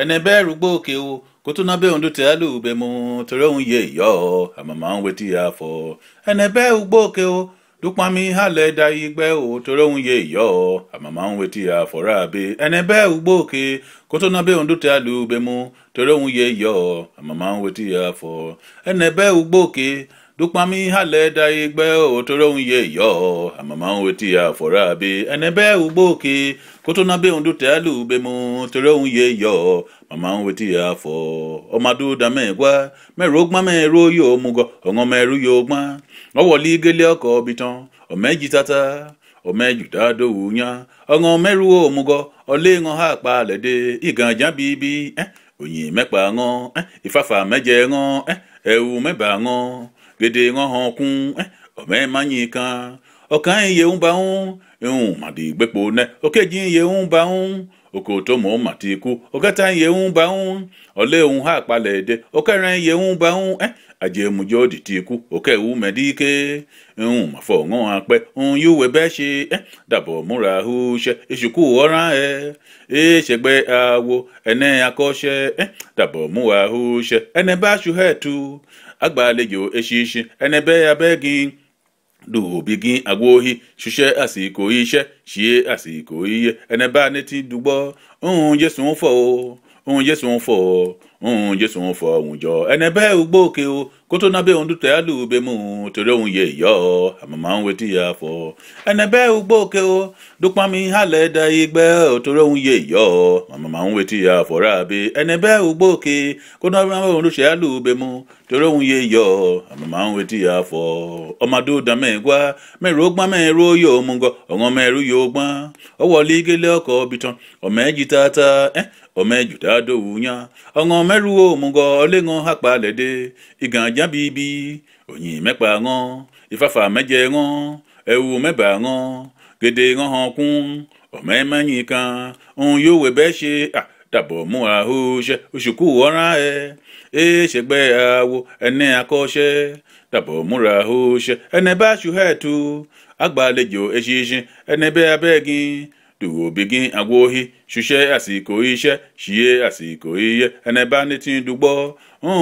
Enebe bẹ́ẹ̀ rúgbó òkè o kó tó ná bẹ́ẹ̀ òǹdó tẹ́ á bẹ́ẹ̀ mọ́ torí òun àmàmà ń wetí ya fọ ẹnẹ bẹ́ẹ̀ o dúpamí hàlẹ̀ da igbẹ́ o torí òun yé ìyá àmàmà ń wetí ya fọ́ra àbẹ ẹnẹ bẹ́ẹ̀ rúgbó òkè kó tó ná bẹ́ẹ̀ òǹdó tẹ́ bẹ́ẹ̀ torí lukpami ha leda igbe otoro nwunye yo amama nweta ya fọrọ abi enebe ugboke kotona nweta ya afọ ọmadudamegwa mere ogba bẹ oyi omugo ọṅọmeru ya ogba ọwọli igeli ọka ọbitan omejitata omejutadowunya ọṅọmeruo omugo ọlaṅọ ha akpa lede iganja bibi eh, onye mekpa ṅọ eh, ifafa meje ṅọ eh, ewu meba gbede ŋɔhɔn kun ɛ ɔmɛ manyi kan ɔkan ye ŋu ba ŋu ŋu madi gbɛkpo nɛ okedzi ye ŋu ba ŋu oko tó mò ń mà ti kú ọgẹta ń yẹun bá ń ọlẹ òun hà palẹ dé ọkẹrẹ ń yẹun bá ń eh, eh, ẹ àjẹmújọ òdì ti kú òkè ìwú mẹdíkẹ ń màfọ ọ̀ngàn apẹ ń yúwe bẹ́ẹ̀ ṣe ẹ dàbọ̀ múra húṣẹ ìṣùkú ọ̀ràn ẹ ẹ ṣẹgbẹ́ àwo ẹnẹ akọ́ṣẹ ẹ dàbọ̀ múra húṣẹ ẹnẹ bá ṣu hẹ́ẹ̀tù agbalịgị eshishi enebe ya be gị dubi gị agwa ohi shishe asiko ishe shie asiko iye enebe aneti dugbo ohun jesu ń fọ jesu ń ohun jésù ń fọ òun jọ ẹnẹ bẹ́ẹ̀ ugbó òkè o kó tó nábẹ́ òun dúdú ẹ̀álù ubẹ̀ mú un torí òun yẹ ìyọ́ ya afọ ẹnẹ bẹ́ẹ̀ ugbó òkè o dúpọ́n mi da igbẹ́ torí yẹ ìyọ́ àmọ́ ń wetí ya fọ́ ráàbí bẹ́ẹ̀ òkè kó tó nábẹ́ dúdú mú torí yẹ ìyọ́ àmọ́ ń wetí ya fọ́ ọmọdé dán mẹ́gbá mẹ́rù gbọ́n mẹ́rù yóò mú gọ ọ̀gán mẹ́rù yóò gbọ́n ọwọ́ lígélé ọkọ̀ ọmọ tata eh, ọmọ ameluwo mugɔ le ŋɔ hakpa le ɖe igãdza bibi onyi mekpa ŋɔ ifafa medze ŋɔ ewu meba ŋɔ gede ŋɔ hɔn kún ɔmɛ menyi kan ohun yóò wɛ bɛ ṣe ah dabɔ mu aho ṣe oṣuku wɔna ɛ eye ṣẹgbɛ awo ɛnɛ akɔṣɛ dabɔ mu aho ṣe ɛnɛ bá ṣu hɛ tu agbaledzo eṣinṣin ɛnɛ dugo begin agwohi ṣiṣẹ́ àsìkò iṣẹ́ ṣiye àsìkò iye ẹnẹba ní ti ń dùgbọ́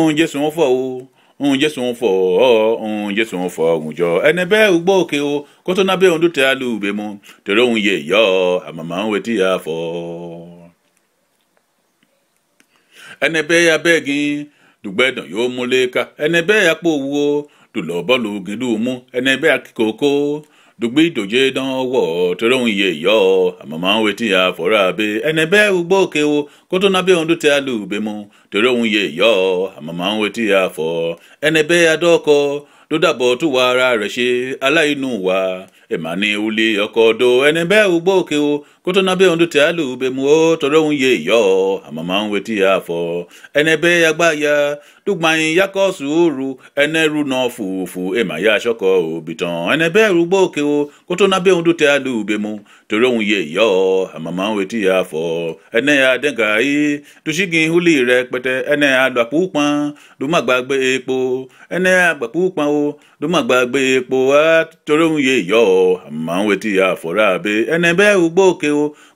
ń jésù ń fọ̀ o ń jésù ń fọ̀ ọ́ ń jésù ń fọ̀ ọ̀gùnjọ ẹnẹbẹ́ ugbó òkè o kó tó nábẹ́ ohun tó tẹ́ alùbẹ́ mu tẹ̀lé ohun yẹ yọ àmàmà ń wetí ya fọ́. ẹnẹbẹ́ ya bẹ́ẹ̀gin dùgbẹ́dàn yóò múlé ká ẹnẹbẹ́ ya pòwú o dùlọ̀ bọ́ọ̀lù gidú mú ẹnẹbẹ́ akíkòókò dugbe doje don wo toron ye yo amama weti ya fora be enebe ugbo kewo koto na be ondu te alu be mu amama weti e ya fo enebe adoko dódàbọ̀ tó ara rẹ̀ ṣe aláìnú wa emani ní ulé ọkọ̀ ọdọ ugbo bẹ́ẹ̀ òkè o kó nábẹ́ tó tẹ́ mu ó tọrọ ń wetí dùgbàyìn yakọ̀sù òru ene náà fòfò èmàyà aṣọ́kọ̀ òbí tán ẹnẹ́bẹ́ rúgbó òkè o kó tó nábẹ́ ohun dútẹ́ àlùbẹ́ mu torí òun yẹ ìyọ́ àmàmà òwe tí a fọ́ ẹnẹ́ adẹ́gà yìí dùsígin agbapụ rẹ pẹtẹ ẹnẹ́ àgbàpúpọn dùmàgbàgbé epo epo a torí òun yẹ ìyọ́ ya òwe tí a fọ́ rábẹ́ ẹnẹ́bẹ́ o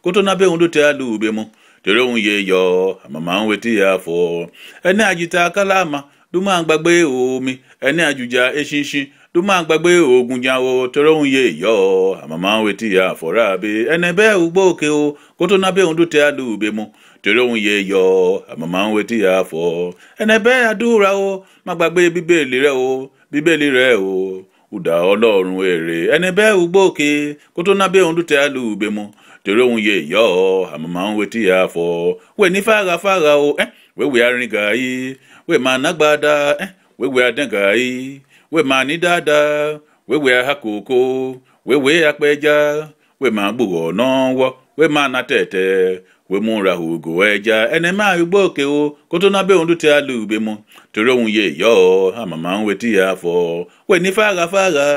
kó mu chere onwe ya eyo e amama ya afọ ene ajita kalama duma gbagbe omi ene ajuja eshinshi duma gbagbe ogunjawo chere onwe ya eyo amama nweta ya afọ rabe ene be oke o koto na be mu eyo amama ya afọ Enebe be magbagbe bíbélì rẹ o bíbélì rẹ o ụda ọlọ́run èrè ẹni bẹ́ẹ̀ kó tó nábẹ́ òun dùtẹ́ tere ohun ye yọ amama ń wetí ya fọ wẹ ní farafara o ẹ wẹwẹ arìnga yìí wẹ máa nágbada ẹ wẹwẹ adẹ́ga yìí wẹ máa ní dáadáa wẹwẹ akoko wẹwẹ apẹja wẹ máa gbòòrò ọ̀nà wọ wẹ máa na tẹ̀tẹ̀ wẹ mú ra ògò ẹja ẹnẹ máa rí gbòòkè o kótó náà bẹ́ẹ̀ ohun tó alùbẹ́mu tere ohun ye yọ amama ń wetí ya fọ wẹ ní farafara.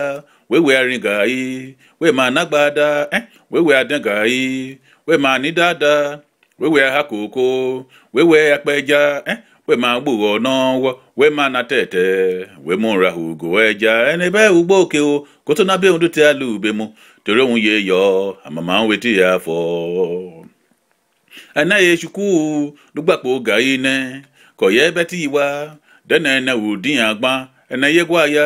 we we arin gai we ma nagbada eh we we adan gai we ma ni dada we wee ha koko we we apeja eh we ma gbugho n'ọnwụ we ma na tete we mụ ra ugo eja enebe ugbo oke o koto na be ndu ala ube mụ toro onwe ya eyo amama nweti ya afọ anaghị echukwu dugbakpo gai ne ya ebe ti iwa udi ya agba ene yegwa ya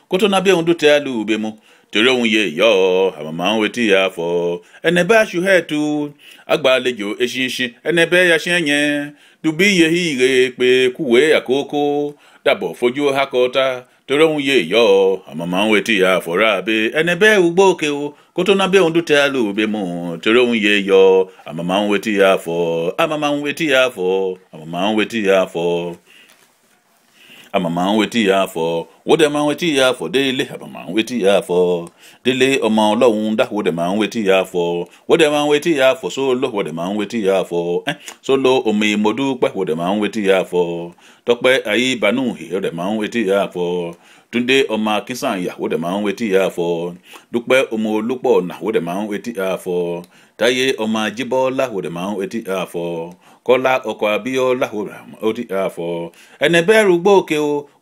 kótóná bí òun dùtẹ́ àlù bẹ́ẹ̀ mu torí òun yẹ ìyá ọ àmàmà ń wetí ya fọ ẹnẹbẹ aṣuhẹẹtu agbàlejò eṣinṣin ẹnẹbẹ yaṣẹyẹ dubí yehi ire pe kuwe akoko. dàbọ fojú hakọta torí òun yẹ ìyá ọ àmàmà ń wetí ya fọra abẹ ẹnẹbẹ ugbó òkè o kótóná bí mu ohun Amama ya fọ àmàmà ń wetí ya fọ àmàmà ya wo dẹ̀ máa ń wetí ya fọ délé àbọ̀ máa ń wetí ya fọ délé ọmọ ọlọ́run dá wo dẹ̀ máa ń wetí ya fọ wo dẹ̀ máa ń wetí ya fọ sólò wo dẹ̀ máa ń wetí ya fọ ẹ́ sólò omi ìmọ̀dúpẹ́ wo dẹ̀ máa ń wetí ya fọ tọpẹ́ ayé ìbánú ìyẹ́ wo dẹ̀ máa ń wetí ya fọ túndé ọmọ akínsànyà wo dẹ̀ máa ń wetí ya fọ dúpẹ́ ọmọ olúpọ̀ ọ̀nà wo dẹ̀ máa ń wetí ya fọ táyé ọmọ ajíbọ́lá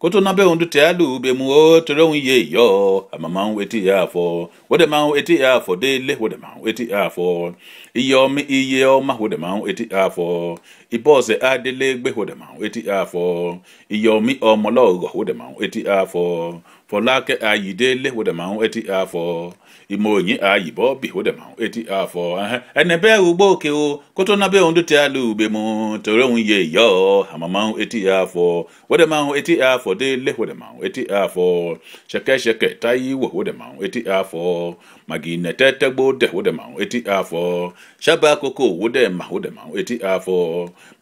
koto nabe ondu hundu te alu be mu o tere hun ye yo amama hun eti ya fo wode ma hun eti ya fo dele wode ma hun eti ya fo iye omi iye ọma wode ma hun eti ya fo ibọọsẹ adele gbe wode ma hun eti ya fo iye omi ọmọlọgọ wode ma hun eti ya fo fọlákẹ́ ayídélé wọ́n dẹ̀ máa ń etí eti ìmọ̀ọ́yìn ayíbọ́bì wọ́n dẹ̀ máa ń etí àfọ̀ eti bẹ́ẹ̀ rúgbó òkè o kó tó náà bẹ́ẹ̀ ohun tó ti be mu torí òun yẹ ìyọ́ àmọ́ máa ń etí àfọ̀ wọ́n dẹ̀ máa ń etí àfọ̀ délé wọ́n dẹ̀ máa ń etí àfọ̀ ṣẹ̀kẹ̀ṣẹ̀kẹ̀ táyíwò wọ́n dẹ̀ máa ń etí àfọ̀ màgìnẹ̀tẹ́tẹ́gbó dẹ̀ wọ́n dẹ̀ máa ń etí àfọ̀ ṣàbàkókò wọ́n dẹ̀ máa wọ́n dẹ̀ máa ń etí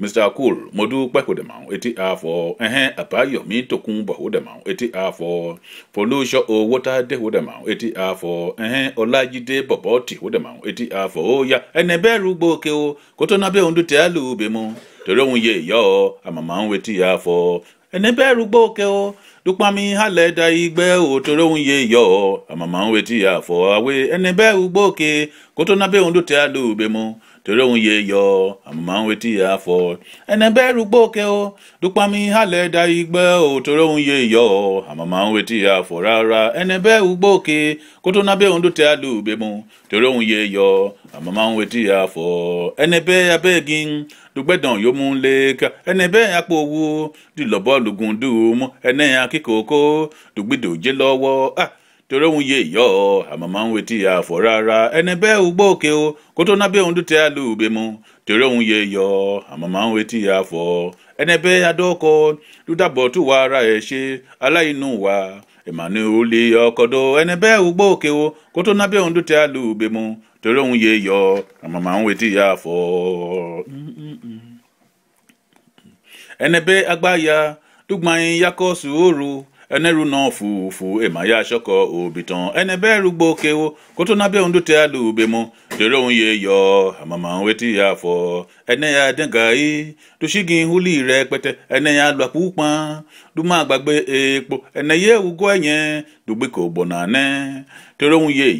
mr cool mo dúpẹ́ wọ́n dẹ̀ máa ń etí àfọ̀ ẹ̀hẹ́n àbáyọ̀mí tòkunbọ̀ wọ́n dẹ̀ máa ń etí polúṣọ owó tá a dé wò dẹ̀mà etí àfọ̀ ẹ̀hẹ́n ọlájídé bọ̀bọ̀ tì wò dẹ̀mà etí àfọ̀ ó yá ẹnẹ bẹ́ẹ̀ rú gbòkè o kó tó nábẹ́ òun dùtẹ́ àlùbẹ̀ mu torí òun yẹ ìyá ọ àmàmà ń wetí àfọ̀ ẹnẹ bẹ́ẹ̀ rú gbòkè o dupami halẹ̀ da igbẹ́ o torí òun yẹ ìyá ọ àmàmà ń wetí àfọ̀ àwẹ̀ ẹnẹ bẹ́ẹ̀ rú gbòkè kó tó nábẹ́ òun dùtẹ́ àlùbẹ̀ mu torí òun yẹ yọ àmọ́ àwọn etí yà fọ ẹnẹ bẹ́ẹ̀ rúgbó ke o dúpami halẹ̀ da igbẹ́ o torí òun yẹ yọ àmọ́ àwọn etí yà fọ rárá ẹnẹ rúgbó ke kótó nábẹ́ òun dòtẹ́ àlùbẹ́ mu torí òun yẹ yọ àmọ́ àwọn etí yà fọ ẹnẹ bẹ́ẹ̀ abẹ́ẹ̀gì dùgbẹ́dàn yóò mú lẹ́ẹ̀ka ẹnẹ bẹ́ẹ̀ apò owó dìlọ́bọ́ọ̀lù gùn dùn mú ẹnẹ́ akíkòókò dùgbìdòjé lọ́wọ́ ah, tere ohun yo amama àmàmà weta ya afọ rara enebe ugbo oke o kotonabe ndute ala ube m toro nwunye yo amama m weta ya afọ enebe adoko dudabọtuwara eshi ala inu wa emmanuel ọkọdọ enebe ugbo oke o ube m toro yo amama ya afọ enebe agba ya dugbanye yakosu eneru no fu fu ema ya shoko obiton eneberu gbokewo koto na be ndu te alu be mo dere on ye yo amama weti ya fo ene ya dengai dushigi huli re pete ene ya lu apupa duma gbagbe epo ene ye ugo enye dugbe ko gbona ne Tere on ye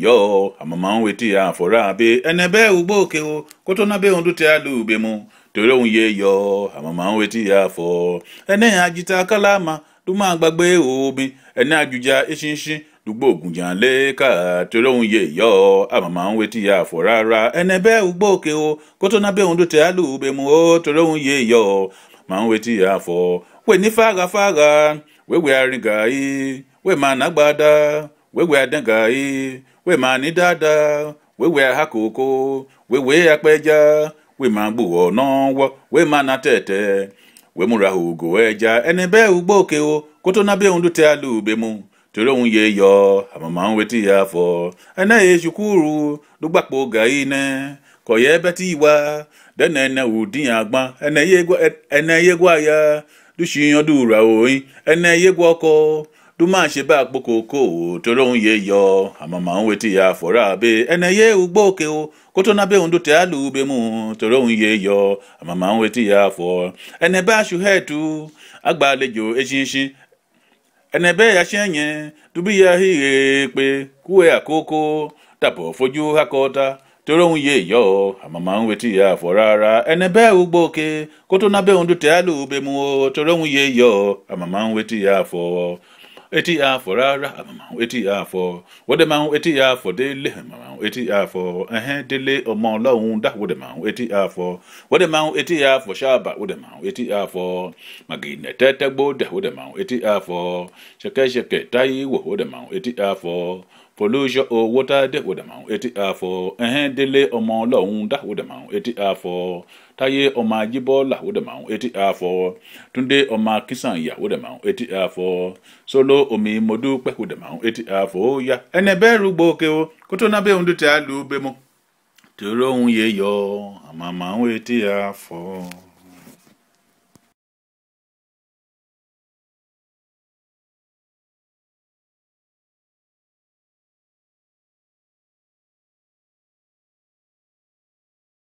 amama weti ya fo ra be eneberu gbokewo koto na be ndu alu be mo dere ye amama weti ya fo ene ya jita kalama lùmàgbàgbé omi ẹni àjùjà ìṣinṣin dùgbò ògùnjà lé ogun torí ka yẹ àmàmà ń wetí ya àfọ̀ rárá ẹni bẹ́ẹ̀ ugbó òkè o kó tó nábẹ́ òun dùtẹ̀ alùbẹ̀mú o torí òun yẹ ìyọ́ màá ń wetí ya àfọ̀ wè ní fàràfàrà wéwèé arìngà yìí wè máa nàgbàdà wéwèé adẹ́ngà yìí wee máa ní dáadáa wéwèé àhàkòkò wéwèé apẹja wè máa náà máa nà wemurahugo weja enebe ugbo na kotonabe ndute ala mụ toro ya eyo amama nweta ya afọ anaghị ejikwa uru dugbakpo gaine koya ebeta iwa denene ene ya agba eneyegwa ya dushi yodura oyi eneyegwa ọkụ dumachi be akpokoko toroyeyọ amamaweta fọrabe eneye ugboke kotona be ya afọ enebe ashuhetu agbalejo echichi enebe ya chenye dubiya hihe kpe kuwe akoko tapụ foju hakọta toroyeyọ amamaweta ya afọ rara enebe ugboke kotona be ndụteala ubem toroyeyọ amamaweta ya afọ Eighty ya for rara amama ho eti ya for wodema Eighty eti for dele amama ho eti for ẹhẹn dele ọmọ ọlọ́run dá wodema ho eti ya for wodema Eighty eti ya for ṣaaba wodema ho eti ya for magina tẹ́tẹ́gbó dá wodema ho eti ya for ṣẹkẹ́ṣẹkẹ́ táyé wò wodema ho eti ya for pollution o oh, water de wo dama eti afọ ẹhẹn délé ọmọ lọhùn dá wo dama eti afọ táyé ọmọ ajibọ là wo dama eti afọ túndé ọmọ akínsànyà wo dama eti afọ solo omi mọdúpẹ wo dama eti afọ ya ẹnẹ bẹẹ rúgbó ke o kótó nábẹ ohun tó ti àlù bẹ mọ tòró ohun yẹ yọ àmàmà ohun eti afo.